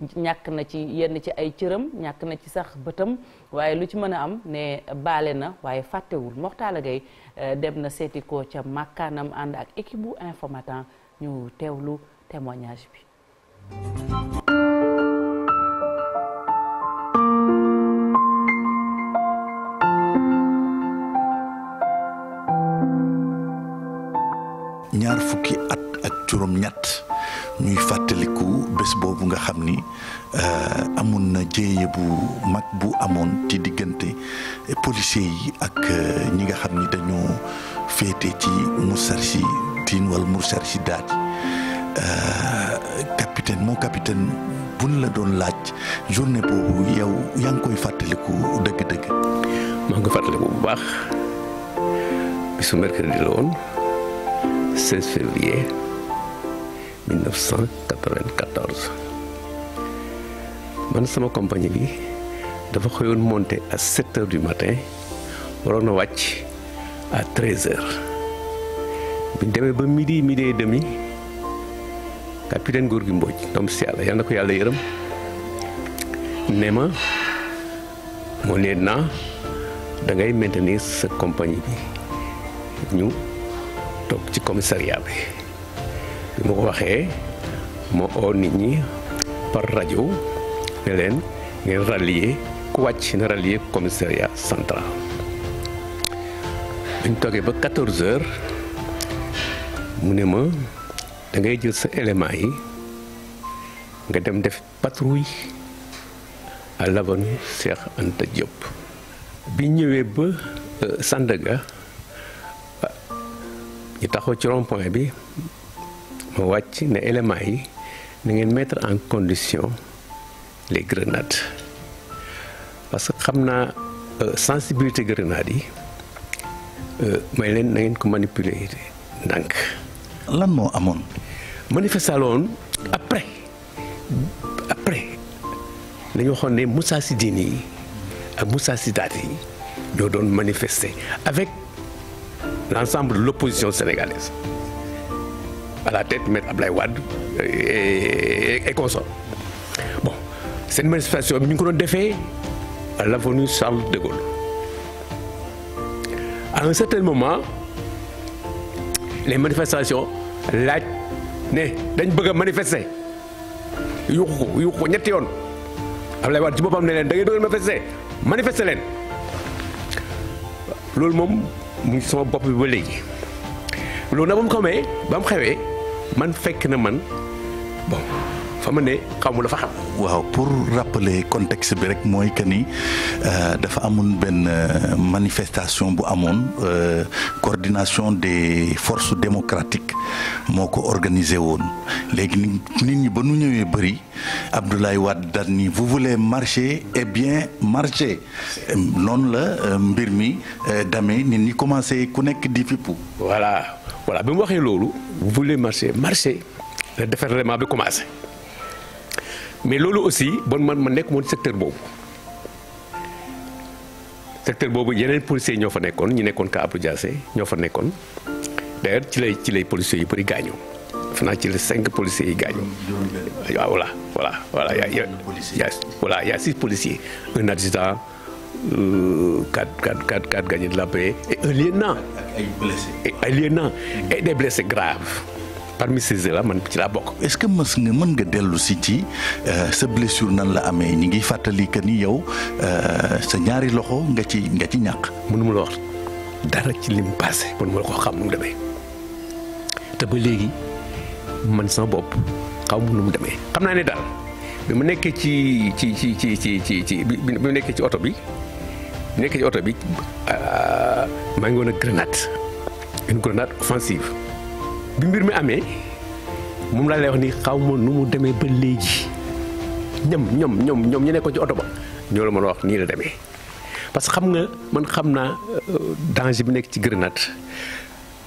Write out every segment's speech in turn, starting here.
ñàkk na ci yenn ci ay cëram ñàkk na ci sax bëtam waaye lu ci mën a am ne baale na waaye fàttewul Moxtaala Gay euh, dem na seeti ko ca màkkaanam ànd ak équipe bu Infos Matin ñu teewlu témoignage bi ñaar fukki at ak juróom ñett ñuy fàttaliku bés boobu nga xam ni euh, amoon na jéeye bu mag bu amoon ci diggante policiers yi ak euh, ñi nga xam ni dañoo féete ci Moustarchidine wala Moustarchidaat euh, capitaine moo capitaine buñ la doon laaj journée boobu yow yaa ngi koy fàttaliku dëgg-dëgg. maa ngi fàttaliku bu baax bisu mercredi la woon 16 février. 1994 man sama compagnie bi dafa xëyoon monter à 7 heures du matin waroon na wàcc à 13 bi demee ba midi midi et demi góor gi Mbodj doom si yàlla yal na ko yàlla yërëm ne ma moo nee naa da ngay maintenir sa compagnie bi ñu toog ci commissariat bi. bi ko waxee moo oo nit ñi par rajo ne leen ngeen rallier ku wàcc na rallier commissariat central buñ toogee ba 14 heures mu ne ma dangay jël sa élément yi nga dem def patrouille à l'avenue Cheikh Anta Diop bi ñëwee ba euh, Sandaga ñu taxaw ci rond bi wàcc ne éléments yi na ngeen mettre en condition les grenades parce que xam naa euh, sensibilité grenades yi euh, may leen na ngeen ko manipuler ndànk. lan moo amoon. manifesté woon après après la ñu waxoon ne Moussa Sidini yi ak Moussa Sidaat yi ñoo doon manifester avec l'ensemble de l'opposition sénégalaise. à la tête maître Ablaye Wade euh, et et consort bon seen manifestation bi ñu ko doon defee à l'avenue Charles de Gaulle à un certain moment les manifestation laaj ne dañ bëgg a manifester yuuxu yuuxu ñetti yoon Ablaye Wade ci boppam ne leen da ngay doon manifester manifester leen loolu moom mu ngi sama bopp bi ba léegi loolu nag ba mu xamee ba mu xewee. man fekk na man bon fa ma ne xamula fa xam. waaw pour rappeler contexte bi rek mooy que ni euh, dafa amoon benn euh, manifestation bu amoon euh, coordination des force démocratiques moo ko organisé woon léegi nit ñi ba nu ñëwee bëri Abdoulaye Wade daal ni vous voulez marcher et eh bien marcher noonu la mbir mi damee nit ñi commencé ku nekk di fippu. voilà. voilà bi mu waxee loolu vous voulez marcher marcher le déferlement bi commencé mais loolu aussi bon man ma nekk moon secteur boobu secteur boobu yeneen policiers ñoo fa nekkoon ñu nekkoon ka Abdou Diassé ñoo fa nekkoon d'ailleurs ci lay ci lay policiers yu bëri gaañoo def naa ci la cinq policiers yi gaañoo waaw voilà voilà voilà a y a voilà y a six policiers 4, 4, 4, 4 gagnés de la paix et un lieutenant. Et un lieutenant. Et des blessés graves. parmi ces là man ci laa bokk. est-ce que mës nga mën nga dellu si ci euh, sa blessure nan la amee ñi ngi fàttali que ni yow euh, sa ñaari loxo nga ci nga ci ñàkk. mënuma la wax dara ci lim passé. mënuma la ko xam nu mu demee te ba léegi man sama bopp xaw ma nu mu demee. xam naa ne daal bi mu nekkee ci ci ci ci ci ci bi mu nekkee ci oto bi. nekk ci oto bi euh, maa ngi woon a grenade une grenade offensive bi mbir mi amee moom laa lay wax ni xaw ma nu mu demee ba léegi ñoom ñoom ñoom ñoom ñu nekkoon ci oto ba ñoo la mën a wax nii la demee parce que xam nga man xam naa euh, danger bi nekk ci grenade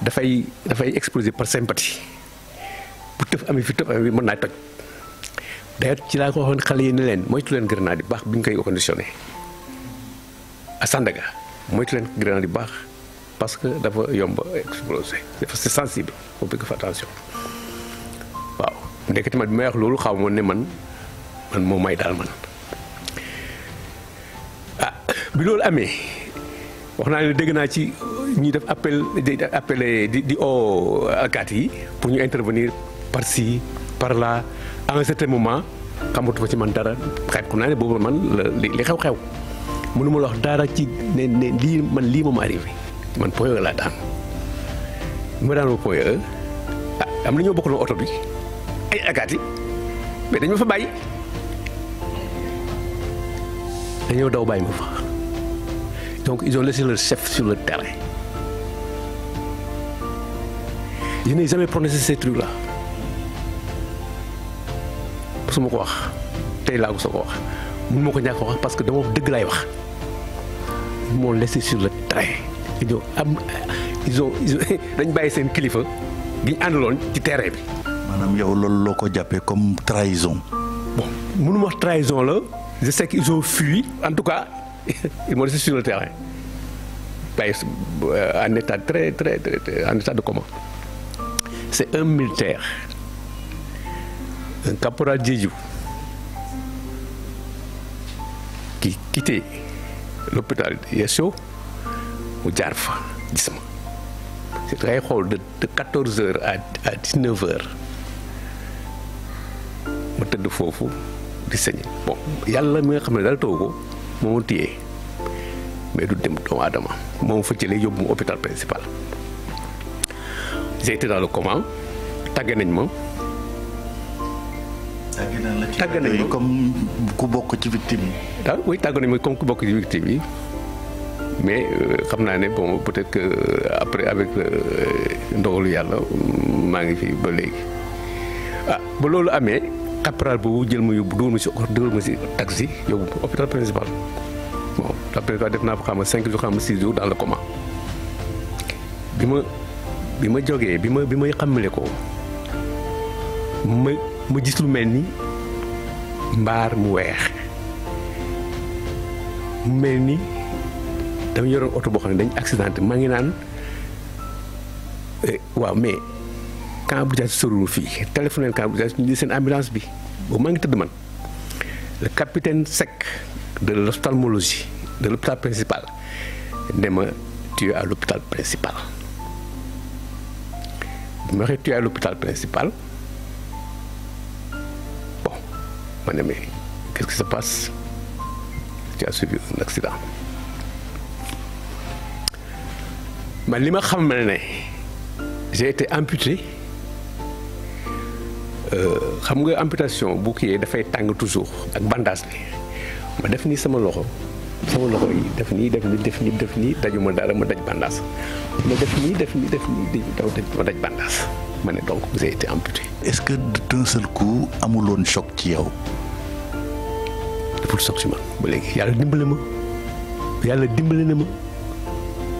dafay dafay exploser par sympathie bu tëf amee fi tëf amee mën naa toj d'ailleurs ci laa ko waxoon xale yi ne leen moytu leen grenade yi baax bi ñu koy conditionné. à mooy moytu leen grenade yu baax parce que dafa yomb explosé dafa sensible boo bëgg fa attention waaw ndekete man bi may wax loolu xaw moon ne man man moo may daal man ah bi loolu amee wax naa ne dégg naa ci ñuy def appel di appelé di di o alkaati yi pour ñu intervenir par ci par la à un certain moment xamatuma ci man dara xëy xam naa ne boobu man li xew-xew mënu ma la wax daara ci ne ne lii man lii moom arrivé man point E laa daan bi ma daanoo point ah, E bi ay akaati mais dañ ma fa bàyyi dañoo daw bàyyi ma fa donc ils ont laissé leur chef sur le terrain je n'ai jamais prononcé ces trucs là su ma ko wax tey laa ko soo wax mun ma ko wax parce que dama dëgg laay wax moo m'ont sur le train ils ont dañ bàyyi seen kilifa gi àndaloon ci terrain bi. maanaam yow loolu loo ko jàppee comme trahison. munu mënu ma trahison la je sais qu'ils ont fui en tout cas ils m'ont laissé sur le terrain bàyyi euh, en état très très très en état de coma. c'est un militaire un caporal Diédhiou qui quittait l'hôpital Yeso mu jaar fa gis ma si ngay xool de quatorze heures à dix neuf heures ma tëdd foofu di sañe bon yàlla mi nga xam ne dal taw ko moo ma téye mais du dem doomu aadama moom fa jëlee yóbbu mu hopital principal j'ai été dans le coma tàgge nañ ma. tàgg nañ la comme ku bokk ci victime yi. ah oui tàgg nañ ma comme ku bokk ci victime yi mais euh, xam naa ne bon peut-être que euh, après avec euh, ndogalu yàlla maa ngi fi ba léegi ah ba loolu amee caporal boobu jël ma yóbbu dugal ma si dugal ma si taxi yóbbu ma hôpital principal bon def naa fa xam a cinq jours xam ne six jours bi ma bi ma jógee bi ma bi may xamale ko ma ma gis lu mel ni mbaar mu weex mu mel ni dama yoroon oto boo xam ne dañ accidenté maa ngi naan eh, waaw mais camp bu jaas sorul fii téléphoné camp bu jaas ñu di seen ambulance bi boobu maa ngi tëdd man le capitaine Seck de l'ophtalmologie de l'hôpital principal ne ma tu es à principal bi ma waxee tu es à principal ma ne mais qu'est-ce qui se man li ma xam ne j'ai été amputé euh, xam nga amputation bu kii dafay tàng toujours ak bandage bi ma def nii sama loxo sama loxo yi def nii def nii def nii def nii daju ma dara ma daj bandage ma def nii def nii def nii daj ma daj bandage. ma ne donc vous avez été amputé. est-ce que d'un seul coup amuloon choc ci yow. deful choc ba léegi yàlla dimbale ma yàlla dimbale na ma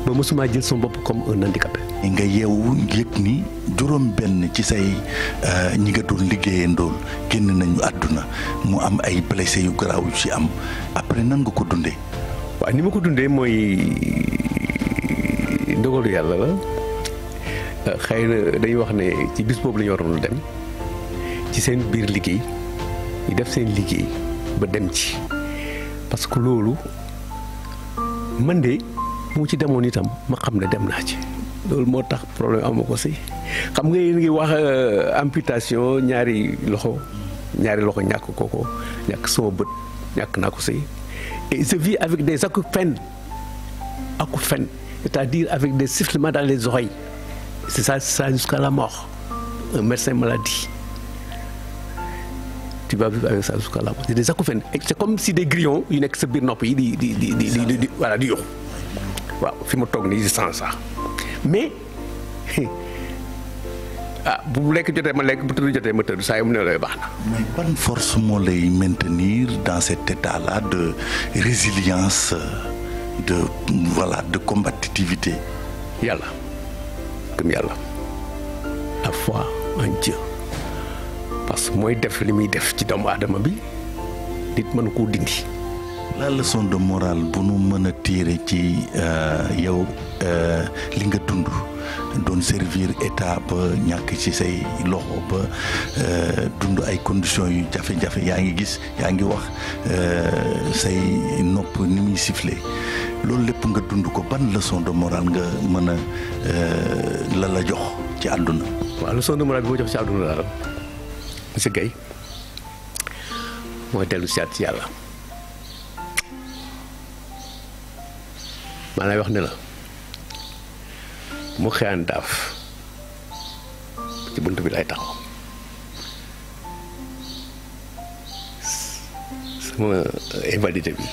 ba mosuma jël sama bopp comme un handicapé. nga yeewu yëg ni juróom benn ci say euh, ñi nga doon liggéeyandool génn nañu àdduna mu am ay blessé yu garaaw yu ci am après nan ko dundee. waaw ni ma ko dundee mooy dogalu yàlla la. xëy na dañuy wax ne ci bis boobu la ñu waroon dem ci seen biir liggéey ñu def seen liggéey ba dem ci parce que loolu man de mu ci demoon itam ma xam ne dem naa ci loolu moo tax problème amu ko si xam nga yéen ngi wax euh, amputation ñaari loxo ñaari loxo ñàkk kooko ñàkk sama bët ñàkk naa ko si et je vis avec des acouphènes acouphènes c'est-à-dire avec des sifflements daal les oreilles C'est sa ça jusqu'à la mort. Un médecin maladie. Tu vas vivre avec ça jusqu'à la mort. C'est des acouphènes. C'est comme si des grillons, yu nekk sa biir nopp yi di di di di di voilà di yóbbu waaw fi mu toog nii di sans ça mais ah bu lekk jotee ma lekk bu tëdd jotee ma tëdd saa yu mu ne lay baax na. mais ban force moo lay maintenir dans cet état là de résilience de voilà de combativité. yàlla. gëm yàlla la parce que mooy def li muy def ci doomu aadama bi nit mën koo dindi. la leçon de morale bu nu mën a tiire ci euh, yow euh, li nga dund doon servir état ba ñàkk ci say loxo ba euh, dund ay conditions yu jafe-jafe yaa ngi gis yaa ngi wax say nopp ni muy siffler. loolu lépp nga dund ko ban leçon de morale nga mën a euh, la la jox ci àdduna. waaw leçon de morale bi ma jox ci àdduna daal monsieur Guèye mooy dellu si ci yàlla maa lay wax ne la mu xëyaan daaf ci bunt bi lay taxaw sama invalidité bi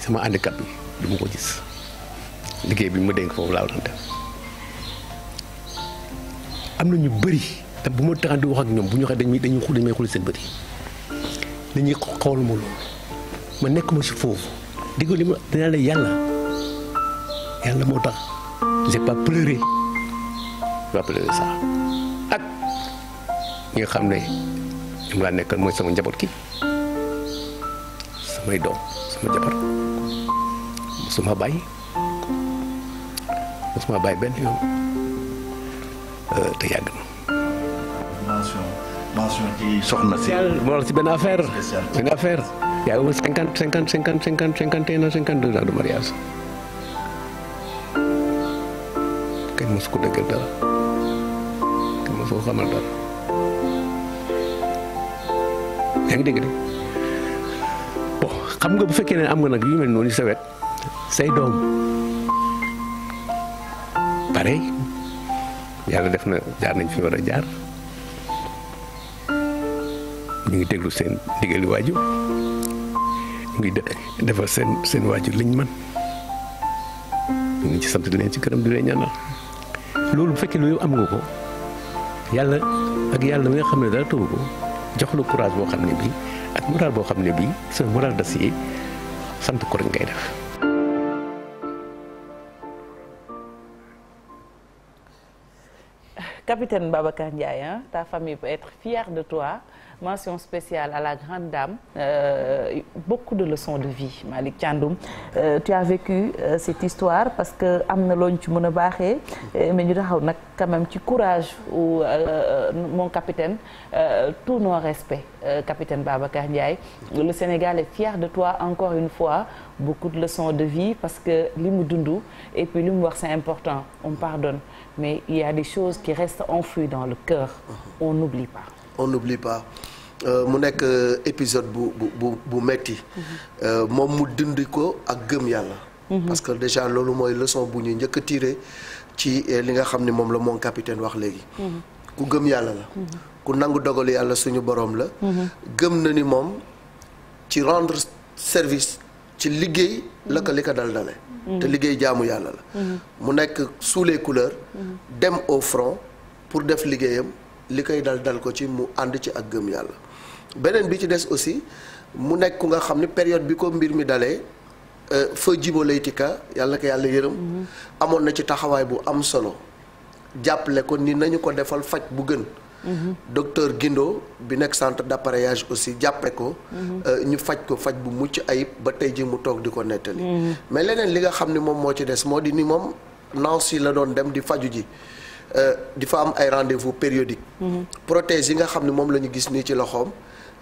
sama handicap bi. du ma ko gis liggéey bi ma dénk foofu laa doon def am na ñu bëri te bu ma taxan di wax ak ñoom bu ñu waxee dañuy dañuy dañu may xuli seen bëri dañuy xool ma loolu ma nekk ma si foofu di ko la yàlla yàlla moo tax j'ai pas xam ne ñoom laa nekkal mooy sama njaboot ki samay doom sama jabar suma bay suma baay benn yoon euh, te yàgg na. ci soxna si. wala si benn affaire. benn affaire yaa ngi cinquante cinquante cinquante cinquante cinquante et un cinquante deux ans de mariage. kenn mosu ko dëggal dara kenn de bon xam nga bu fekkee ne am nga nag yu mel noonu sa say doom pareil yàlla def na jaar nañ fi war a jaar ñu ngi déglu seen ndigali waajur ñu ngi defal seen seen waajur liñ man ñu ngi ci sant di leen ci këram di leen ñaanal loolu bu fekkee ne yow am nga ko yàlla ak yàlla mi nga xam ne dara tëwu ko jox la courage boo xam ne bii ak moral boo xam ne bii sa moral d'acier sant ko rek ngay def capitaine Babacar Ndiaye ta famille peut être fière de toi mention spéciale à la grande dame euh, beaucoup de leçons de vie Malick Thiandoum euh, tu as vécu euh, cette histoire parce que am na loo looñ ci mën a baaxee euh, mais ñu taxaw nag même ci courage ou euh, mon capitaine tous nos respects capitaine Babacar Ndiaye le Sénégal est fier de toi encore une fois beaucoup de leçons de vie parce que li mu dund et li mu wax c'est important on pardonne mais il y a des choses qui restent enfouies dans le cœur on n'oublie pas on n'oublie pas Euh, mu nekk euh, épisode bu bu bu bu metti euh, moom mu dindi ko ak gëm yàlla mhm. parce que déjà loolu mooy leçon bu ñu njëkk a ci li nga xam ni moom la moom capitaine wax léegi mhm. ku gëm yàlla la mhm. ku nangu dogalu yàlla suñu boroom la gëm na ni moom ci rendre service ci liggéey la ko li ko dal te liggéey jaamu yàlla la mu nekk sous les dem au front pour def liggéeyam li koy dal ko ci mu ànd ci ak gëm yàlla beneen bi ci des aussi mu nekk nga xam ne période bi ko mbir mi dalee euh, fa lay laytika yàlla ko yàlla yërëm mhm. amoon na ci taxawaay bu am solo jàppale ko ni nañu ko defal faj bu gën mhm. docteur Guindo bi nekk centre d'appareillage aussi jàppale ko mhm. euh, ñu faj ko faj bu mucc ayib ba tey ji mu toog di ko nettali mais leneen li nga xam ni moom moo ci des moo di ni moom Nancy la doon dem di faju ji euh, di fa am ay rendez-vous périodique prothèse yi nga xam ne moom la ñu gis nii ci loxoom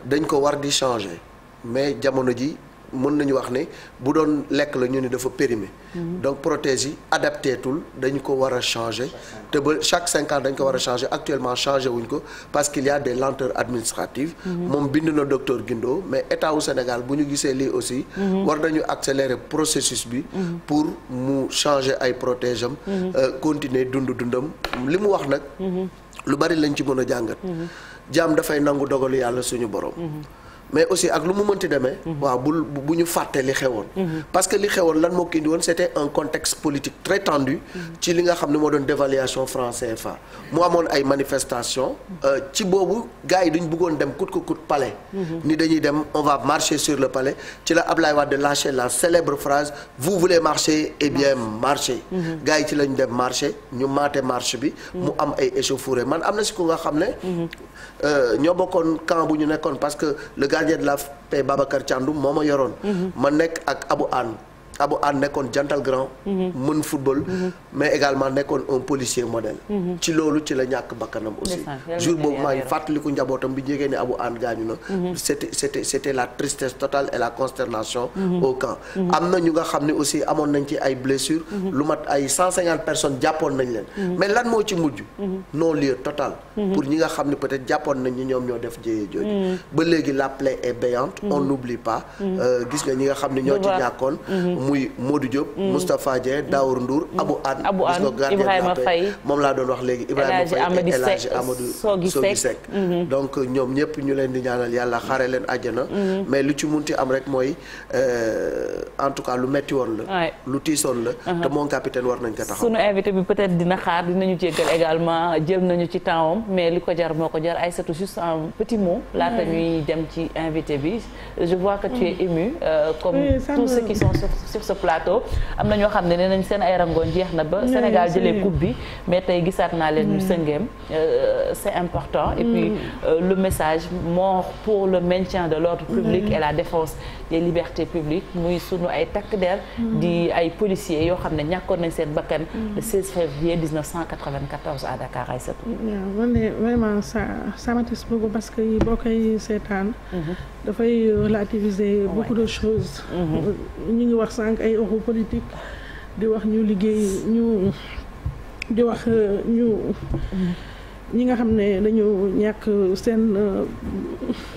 dañ ko war di changer mais jamono ji mën nañu wax ne bu doon lekk la ñu ne dafa périmé. Mhm. donc prothèse yi adapté tul dañu ko war a changé. te ba chaque cinq dañ ko war a changé actuellement changé wuñ ko parce qu'il y a des lenteurs administratives. Mhm. moom bind na docteur Guindo mais état wu Sénégal bu ñu gisee lii aussi. Mhm. war nañu accélérer processus bi. pour mu changer ay prothèse am. Euh, continuer dund dundam li mu wax nag. lu bari lañ ci mën a jàngat. jaam dafay nangu dogalu yàlla suñu borom. Mhm. mais aussi ak lu mu mënti demee. Mhm. waaw bul bu ñu fàtte li xewoon. Mhm. parce que li xewoon lan moo ko indi woon c' était un contexte politique très tendu. Mhm. ci li nga xam ne moo doon dévaluation franc CFA. mu amoon ay manifestations. Euh, ci boobu gars dañu bëggoon dem coûte que coûte palais. ni dañuy dem on va sur le palais ci la Ablaye Wade lâché la célèbre phrase vous voulez marcher eh bien marcher. gars yi ci lañ dem marcher ñu maate marche bi. mu am ay échauffourées man am na si ku nga xam euh, gardien de la paix Babacar Thiandoum moo ma yoroon. Mm-hmm. ma nekk ak Abu Anne Abou Anne nekkoon jantal grand. Mhm. mën football. Mhm. mais également nekkoon un policier modèle. Mhm. ci loolu ci la ñàkk bakkanam aussi. jour boobu maa ngi fàttaliku njabootam bi jegee ne Abou Anne gaañu na. c'était c'était la tristesse totale et la consternation. au camp am na ñu nga xam ne aussi amoon nañ ci ay blessures. lu mat ay cent cinquante personnes jàppoon nañ leen. mais lan moo ci mujj. non lieu total. pour ñi nga xam ne peut jàppoon nañ ñi ñoom ñoo def jëyee jooju. ba muy Modou Diop. Mm. Moustapha Dieng mm. Daour Ndour. Mm. Abou Anne Abou Anne Ibrahima Faye moom laa doon wax léegi Ibrahima Faye El Hadj Amadou Sogui mm-hmm. donc ñoom ñëpp ñu leen di ñaanal yàlla xare leen àjjana. Mm-hmm. mais lu ci munti am rek mooy euh, en tout cas lu metti woon la. lu tiisoon la. Uh-huh. te moom capitaine war nañ ko taxaw. sunu invité bi peut-être dina xaar dinañu jéggal également jël nañu ci temps mais li ko jar moo ko jar ay surtout juste un petit mot. laata ñuy dem ci invité bi je vois que sur ce plateau am na ñoo xam ne nee nañ seen ay rangoon jeex na ba Sénégal jëlee coupe bi mais tey gisaat naa leen ñu sëngeem euh, c'est important et puis euh, le message mort pour le maintien de l'ordre public et la défense des libertés publiques muy sunu ay takk der di ay policiers yoo xam ne ñàkkoon nañ seen bakkan le février à Dakar ay satu waaw man de vraiment ça ça m'intéresse beaucoup parce que boo koy seetaan mhm. dafay relativiser oh beaucoup de choses mm-hmm. ñu ngi wax sànq ay euro politique di wax ñu liggéey ñu di wax euh, ñu mm-hmm. ñi nga xam ne dañu ñàkk seen euh,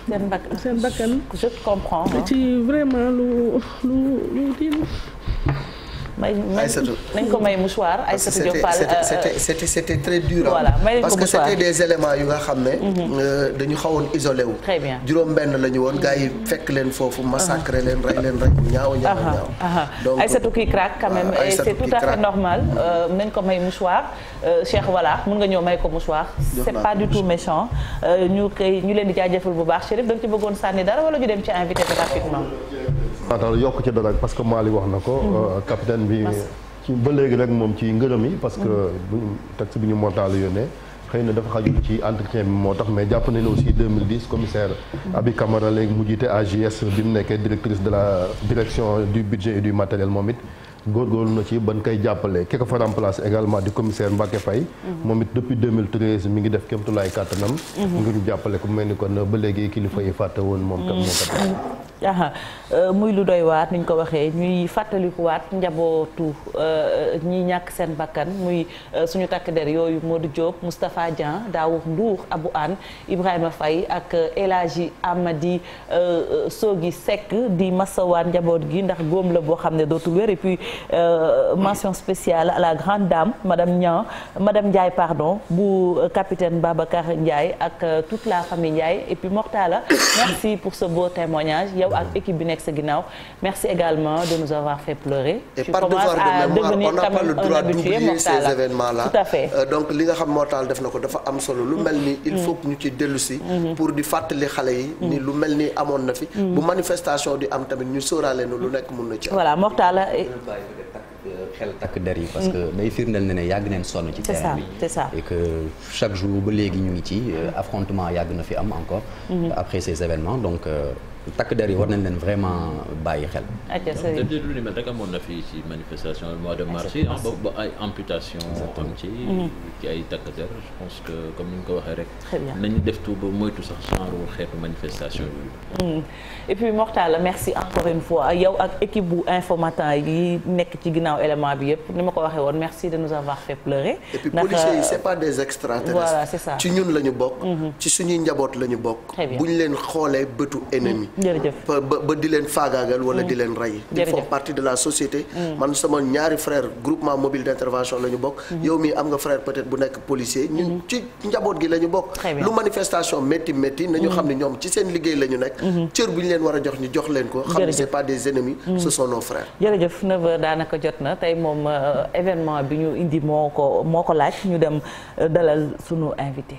seen bakkan seen bakkan je comprends vraiment lu lu lu tiim may nañ ko may mouchoir Aïssatou Diop Fall euh, c'était c'était très dur voilà parce que c'était des éléments yu nga xam ne mhm. euh, dañu xawoon isolé wu très juróom benn la ñu woon gars yi mhm. fekk leen foofu massacré mhm. leen rey leen rey ñaaw ñaaw ñaaw donc Aïssatou qui quand même ah, c'est tout à fait normal euh, nañ ko may mouchoir Cheikh voilà mun nga ñëw may ko mouchoir c'est pas du tout méchant ñu koy ñu leen di jaajëfal bu baax Chérif da nga ci bëggoon sànni dara wala ñu dem ci invité bi attends yokk ci dara parce que Mali wax na ko. Mm-hmm. Euh, capitaine bi ci ba léegi rek moom ci ngërëm yi. parce que mm-hmm. buñ bi ñu montaale yónnee. xëy na dafa ci entretien bi moo tax mais jàpp nañu aussi 2010 commissaire mm-hmm. Abi Camara léegi la direction du budget et du matériel moom it na ci ban koy jàppale ki ko fa remplace également di commissaire Mbacke Faye mi ngi def kémtulaay kàttanam ngir jàppale ku mel ni kon ba léegi kilifa yi fàtte woon moom tam moo ko Euh, muy lu doy waat nuñ ko waxee ñuy fàttaliku waat njabootu euh, ñi ñàkk seen bakkan muy euh, suñu takk der yooyu Modou Diop Moustapha Dieng Daawur Ndour Abou Anne Ibrahima fay ak El Hadji Amadi Sogi Seck di masawaat njaboot gi ndax góom la boo xam ne dootul wér et puis mention spéciale à la grande dame madame Niang Ndiaye pardon bu capitaine Babacar Ndiaye ak toute la famille Ndiaye et puis Mortala merci pour ce beau témoignage yow ak équipe bi nekk sa ginnaaw merci également de nous avoir fait pleurer. et par à fait euh, donc li nga xam moo taal def na ko dafa am solo lu mel ni il mm-hmm. faut ñu ci dellu si mm-hmm. pour di fàttali xale yi ni mm-hmm. lu mel ni amoon na fi bu manifestation di am tamit ñu sóoraale na lu nekk mun na ci voilà Mortal eh. eh, xel takk der yi parce que day firndeel na ne yàgg neen sonn ci terrain bi c'est ça chaque jour ba léegi ñu ngi ci eh, affrontement yàgg na fi am encore après ces takk der yi war nañ leen vraiment bàyyi xel. ayca sëriñ bi lu ni na fii ci manifestation mois de mars yi ba ay amputation am ci. ci ay takk der je pense que comme ni ñu ko waxee rek. nañu def tu ba moytu sax genre xeetu manifestation yooyu. Mhm. et puis Mortalla merci encore yow ak équipe bu Infos Matin nekk ci ginnaaw élément bi yëpp ni ma ko waxee woon merci de nous avoir fait pleurer. et puis yi euh, c'est pas des extraterrestres. voilà c'est ci ñun la ñu bokk. Mhm. ci suñuy njaboot la ñu bokk. bu ñu leen xoolee bëtu ennemi. jërëjëf ba di leen faagaagal wala di mm. leen rey di font partie de la société mm. man sama ñaari frère groupement mobile d'intervention la ñu bokk mm-hmm. yow mi am nga frère peut-être bu nekk policier ñun mm-hmm. ci njaboot gi la ñu bokk lu manifestation métti métti nañu mm-hmm. xam ne ñoom ci seen liggéey la ñu nekk cër bu ñu leen war a jox ñu jox leen ko xam ne c'est pas des ennemis ce sont nos frères jërëjëf 9h daanaka jot na tey moom euh, événement bi ñu indi moo ko moo ko laaj ñu dem euh, dalal sunu invité